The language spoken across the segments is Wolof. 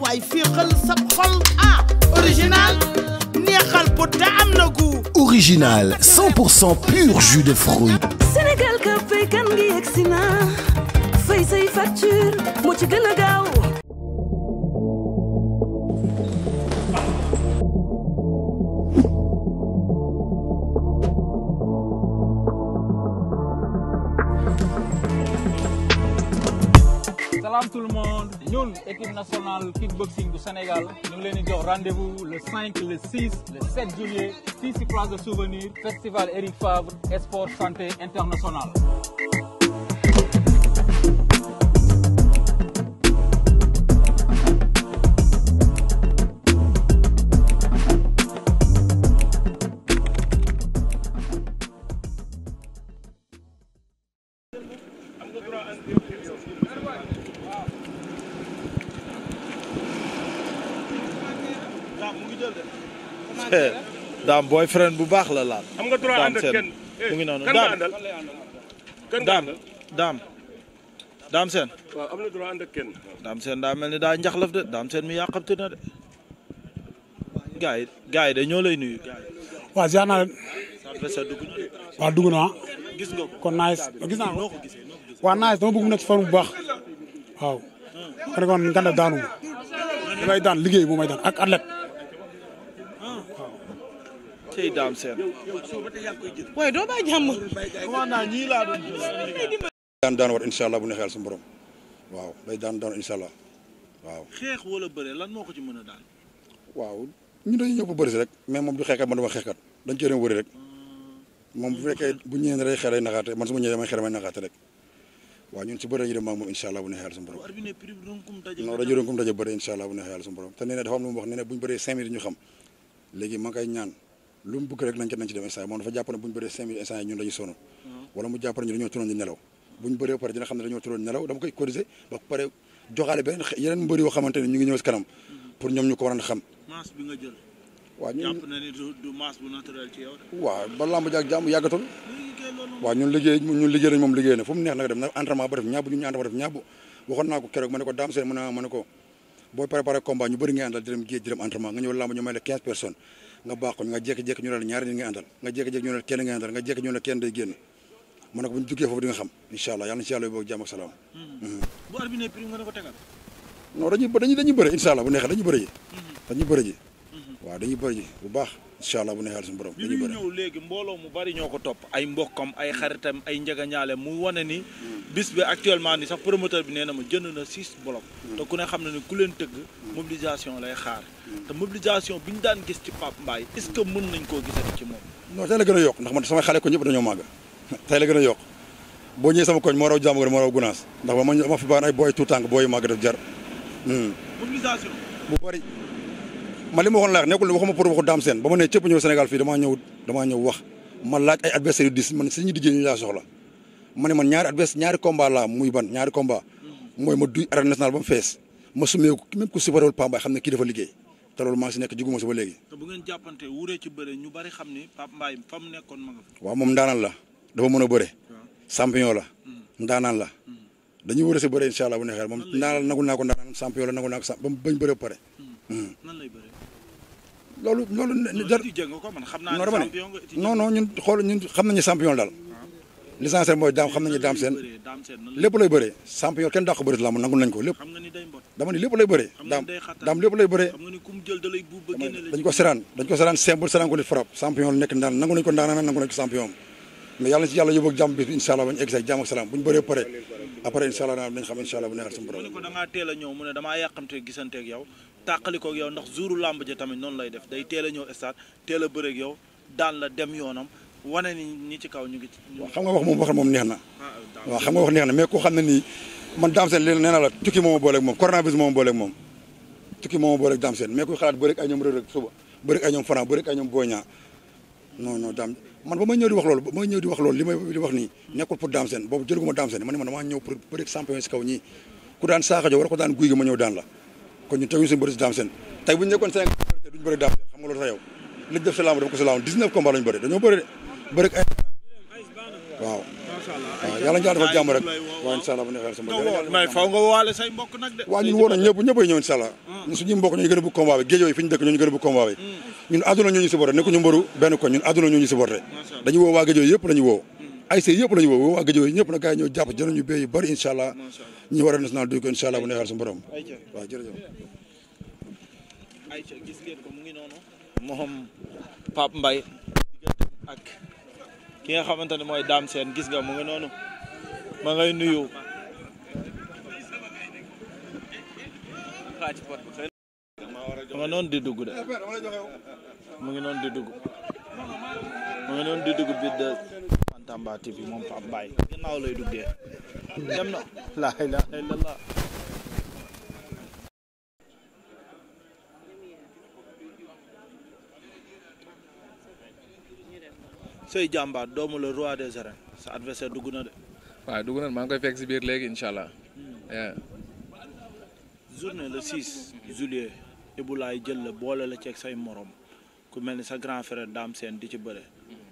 waay féexal sa xol ah, original neexal bu te am gu original pur jus de fruits Sénégal ka fay kan gi yegsi fay say facture équipe nationale kickboxing du Sénégal ñu ngi leen di jox rendez-vous le 5 le 6 le 7 juillet fii ci place de souvenir festival Eric Favre sport santé international daam booy friend bu baax la laal. am nga droit eh, ngi noonu daam daam daam daam seen. waaw am na droit daam daa mel ni daa njaxlaf de daam seen mi yàqamti na de. gars yi de ñoo lay nuyu. waaw ziar naa leen. Ah. gis nga ko kon naaj gis naa ko. waaw naaj dama bëgg mu nekk ci forme bu baax. waaw. Hmm. kon kon Nganda daanu daan liggéey bu may daan ak athlète. tey daam seen waaye doo bàyyi laa doon daan daan war incha bu ne xeel suñu borom waaw day daan daan incha allah waaw xeex wala bëre lan moo ko ci mën a daal waaw ñu dañu ñëpp bëri si moom man dama bu fekkee bu ñëwee ne day xeer ay naxaate man su may naxaate rek waaw ñun si bëri ñu dem maag moom incha allah bu ne xeel suñu borom non dañu rënkum daje bëri incha allah bu ne xeel suñu borom te nee na dafa am lu mu wax nee na bu ñu bëree ñu xam léegi ma ngi ñaan lu mu bëgg rek nañ ko nañ ci dem instant moom dafa jàpp ne bu ñu bëree cinq mille instant ñun dañu sonn hmm. wala mu jàpp ne ñu dañoo hmm. na ni du masse fu mu ñu ñu entraînement def ñàbb waxoon naa ko keroog ma ne ko a ma ne ko boo préparé combat ñu bëri ngay àndal di dem géej di dem entraînement nga la quinze personnes nga baaxoon nga jékki-jékki ñu ne la ñaari nit nga àndal nga jékki-jékki ñu ne la kenn nga àndal nga jékki ñu ne la kenn day génn mu ne ko bu ñu duggee foofu di nga xam incha allah yàlla na ci yàlla boog jàmm ak salaam. Hmm. Hmm. bu arbitre bi ne prix nga ko tegal. non dañuy dañuy dañuy bëre incha allah bu neexee dañuy bëre ji. Hmm. dañuy bëre ji. waaw dañuy bëri bu baax incha allah bu neexal suñu borom. dañuy bëri léegi mbooloo mu bari ñoo ko topp ay mbokkam ay xaritam ay njagañaale mu wane ni. bis bi actuellement ni sax promoteur bi nee na ma jënd na six blocs. Hmm. te ku ne xam na ne ku leen tëgg. Hmm. mobilisation lay xaar. Hmm. te mobilisation bi ñu daan gis ci Pape Mbaye est ce que mën nañ koo gisati ci moom. non tey la gën a yokk ndax man sama xale ko ñëpp dañoo màgg tey la gën a yokk boo ñëwee sama koñ moo raw jàmm moo raw gunaas ndax ma ma fi baax ay booy tuutànk booy màgg def jar. ma li ma waxoon laax nekkul waxuma pour waxu Dame Sène ba ma ne cëpp ñëw Sénégal fii damaa ñëw damaa ñëw wax ma laaj ay adversaire yu dis man si ñu dijjee ñu laa soxla ma ne man ñaari adversaire ñaari combat laa muy ban ñaari combat mooy ma duy arène nationale ba mu fees ma sumeeku même ku sibarewul Pambaay xam ne kii dafa liggéey te loolu maa si nekk jiguma si ba léegi. te bu ngeen jàppante wuuree ci bëre ñu bari xam ne Pape Mbaye fa mu nekkoon ma nga waaw moom ndaanaan la dafa mën a bëre. champion la. ndaanaan la. dañuy wër si bëre incha allah bu neexee moom ndaanaan nangu naa ko ndaanaan champion la nangu naa ko sa ba mu bañ bëre ba pare. Hmm. Hmm. nan lay bëre. loolu loolu. loolu jàng ko man xam naa champion nga non non ñun xool ñun xam nañu champion daal. Ah. l'essentiel mooy daam xam nañu daam seen lépp lay bëree champion kenn dàq bëri la mu nangul nañ ko lépp dama ni lépp lay bëree daam daam lépp lay bëree dañ ko seraan dañ ko seraan simple seraan ko nit frappe champion nekk ndaan nangu nañ ko ndaanana nangu nañ ko champion mais yàlla ci yàlla bis inshallah bañ egg say jàmm buñ bëree pare après inshallah dañ xam inshallah bu neexal a ñëw mu ne tàqalikook yow ndax juru làmb ja tamit noonu lay def day teel a ñëw stade teel a bëreeg yow daan la dem yoonam wane ni ñi ci kaw ñu ngi. waaw xam nga wax moom wax moom neex na. Ah, waaw xam nga wax na mais ku xam ne nii man Dame Sène léegi nee naa la tukki moom a booleeg moom coronavirus moom a booleeg moom tukki a booleeg ba may ñëw di wax loolu ba may ñëw di wax loolu li may kaw ñii ku daan saaxajo war ko daan guy ma ñëw daan la kon ñu teguñu suñu bëri si Dame Sène tey bu ñu nekkoon Sénégal duñu bëri Dame Sène xam nga loolu sa yow liñ def si lamb def ko si lamb 19 combat lañu bëri dañoo bëri bëri ay waaw waaw yàlla ñu dafa jàmm rek waaw incha allah ñun woon ñëpp ñëpp ñëw incha ah. ñun suñu mbokk a ñu gën a bëgg combat bi géejoo hmm. yëpp lañu woo hmm. ay see yëpp lañu woo waa géejoo ñëpp na gars yi ñoo jàpp jënañu béy yu bëri ñu war a national duy ko incha allah bu neexal suñu borom waaw gis mu ngi noonu. moom Pape mbay diggante ak ki nga xamante ne mooy Dame Sène gis nga mu ngi noonu ma ngay nuyu. mu ngi noonu di dugg de mu ngi noonu di dugg mu ngi noonu di dugg bi de Bantamba TV moom Pape Mbaye ginnaaw lay duggee. dem na la ilaha illallah sey jàmbaar doomu le roi des arènes sa adversaire dugg na de waaw dugg na maa ngi koy fekk si biir léegi incha allah hmm. journée le 6 juillet Ibulaay jël la boole la ceeg say moroom ku mel ni sa grand frère Dame Sène di ci bëre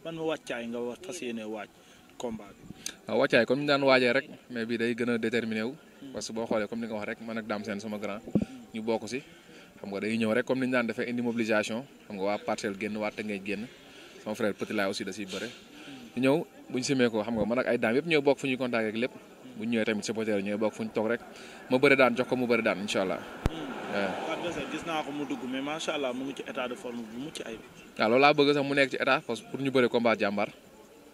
man hmm. ma wàccaay nga war fas yéene waaj combat waaw wàccaay comme ñu daan waajee rek mais bii day gën a déterminé wu parce que boo xoolee comme ni nga wax rek man ak Dame Sène sama grand ñu bokk si xam nga day ñëw rek comme ni ñu daan defee indi mobilisation xam nga waa parcelle génn waa Tëngéej génn sama frère Petit Laay aussi da siy bëre ñëw buñ simee ko xam nga man ak ay daam yëpp ñooy bokk fu ñu contact rek lépp buñ ñëwee tamit supporter ñooy bokk fu ñu toog rek ma bëri daan jox ko mu bëri daan incha allah hmm. gis naa ko dugg mais macha allah mu ci état de forme bu mucc ayib ah, nekk ci état parce que pour ñu bëre combat jàmbaar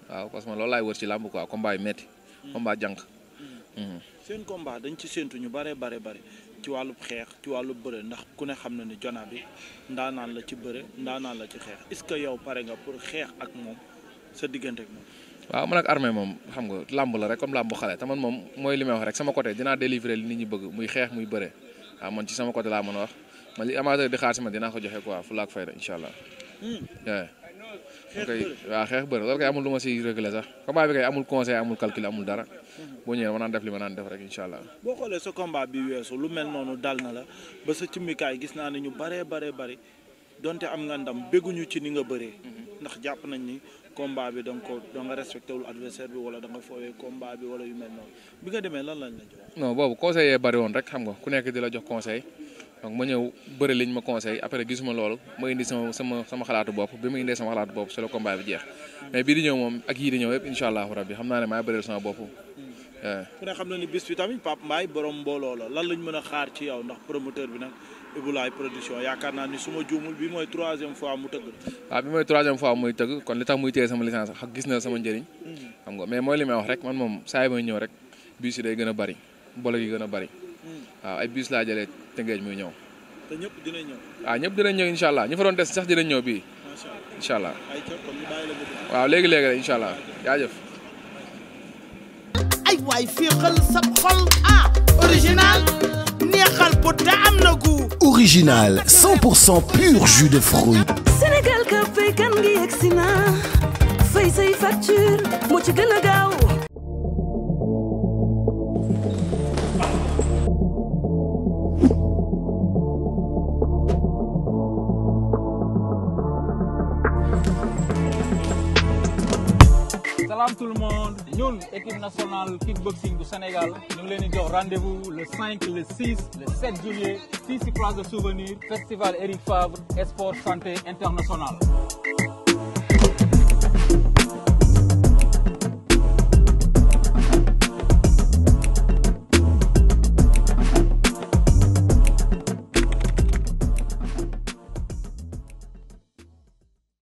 waaw parce loolu laay wër ci làmb quoi combat yu metti hmm. combat jànq. Hmm. Hmm. seen combat dañ ci séntu ñu bare bare bare ci wàllu xeex ci wàllu bëre ndax ku ne xam na ni jona bi ndaanaan la ci bëre ndaanaan la ci xeex est-ce que yow pare nga pour xeex ak moom sa diggante ak moom. waaw man ak armée moom xam nga làmb la rek comme làmb xale te man moom mooy li may wax rek sama côté dinaa délivrer li nit ñi bëgg muy xeex muy bëre waaw man ci sama côté laa mën a wax man li amateur di ma dinaa ko joxe quoi fu laak fayda allah. waa waaw xeex bëri loolu kay amul lu ma si réglé sax combat bi kay amul conseil amul calcul amul dara boo ñëwee ma naan def li ma naa def rek incha allah boo xoolee sa combat bi weesu lu mel noonu dal na la ba sa cimmikaay gis naa ne ñu baree baree bari donte am nga ndam bégguñu ci ni nga bëree ndax jàpp nañ ni combat bi danga ko da respecté wul adversaire bi wala da nga foowee bi wala yu mel noonu bi nga demee lan lañ la jox non boobu conseil yee bari woon rek xam nga ku nekk di la jox conseil donc ma ñëw bëri liñ ma conseil après gisuma loolu ma indi sama sama sama xalaatu bopp bi ma indee sama xalaatu bopp solo combat bi jeex mais bii di ñëw moom ak yii di ñëw yëpp incha allahu rabbi xam naa ne maay bëreel sama bopp. Hmm. ku xam na ni bis bi tamit Pape Mbaye borom mbooloo la lan lañ mën a xaar ci yow ndax promoteur bi nag Iboulaye production yaakaar naa ni su ma juumul bi mooy troisième fois mu tëgg. waaw bi mooy troisième fois muy tëgg kon li tax muy téye sama licence ak gis na sama njëriñ. Hmm. xam nga mais mooy li may wax rek man moom saa yi may ñëw rek bii si day gën a bari boole yi gën a bari waaw ay bus laa jëlee tëngeej muy ñëw. te ñëpp dinañ ñëw. waaw ah, ñëpp dinañ ñëw incha allah ñu fa doon des sax dinañ ñëw bii. incha allah waaw léegi léegi rek incha allah jaajëf. ay waay féexal sab xol ah original neexal bu te am na gu. original pur jus de fruits. Sénégal café kan gi yegsi naa. salaam tout le monde ñun équipe nationale kickboxing bu Sénégal ñu ngi leen di jox rendez-vous le 5 le 6 le 7 juillet fii ci place de souvenir festival Eric Favre sport santé international